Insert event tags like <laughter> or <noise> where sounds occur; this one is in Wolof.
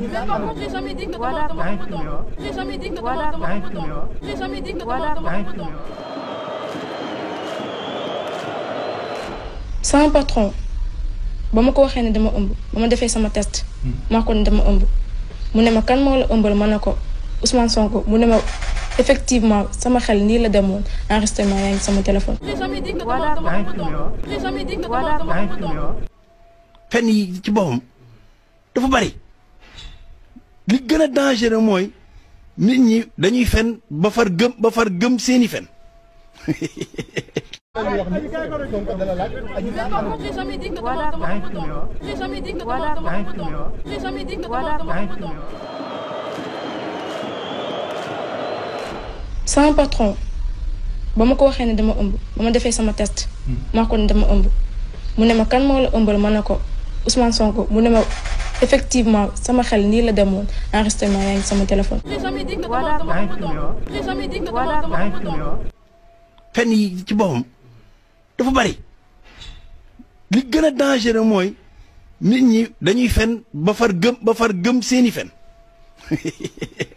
Mais par contre, j'ai jamais sama patron ba ma ko waxee ne dama ëmb ba ma defee sama test. Hmm. ma ko ne dama ëmb mu ne ma kan moo la ëmbal ma ne ko Ousmane Sonko mu ne ma effectivement sama xel nii la demoon enregistrement yaa ngi sama téléphone. pen yi ci boppam dafa bari. li gën a dangereux mooy nit ñi dañuy fen ba far gëm ba far gëm seeni fen. sama patron ba ma ko waxee ne dama ëmb ba ma defee sama test. ma ko ne dama ëmb mu ne ma kan moo la ëmbal ma ne ko Ousmane Sonko mu ne ma. effectivement sama xel nii la demoon enregistrement yaa ngi sama téléphone. fen yi ci boppam dafa bari li gën a dangereux mooy nit ñi dañuy fen ba far gëm ba far gëm seeni fen <laughs>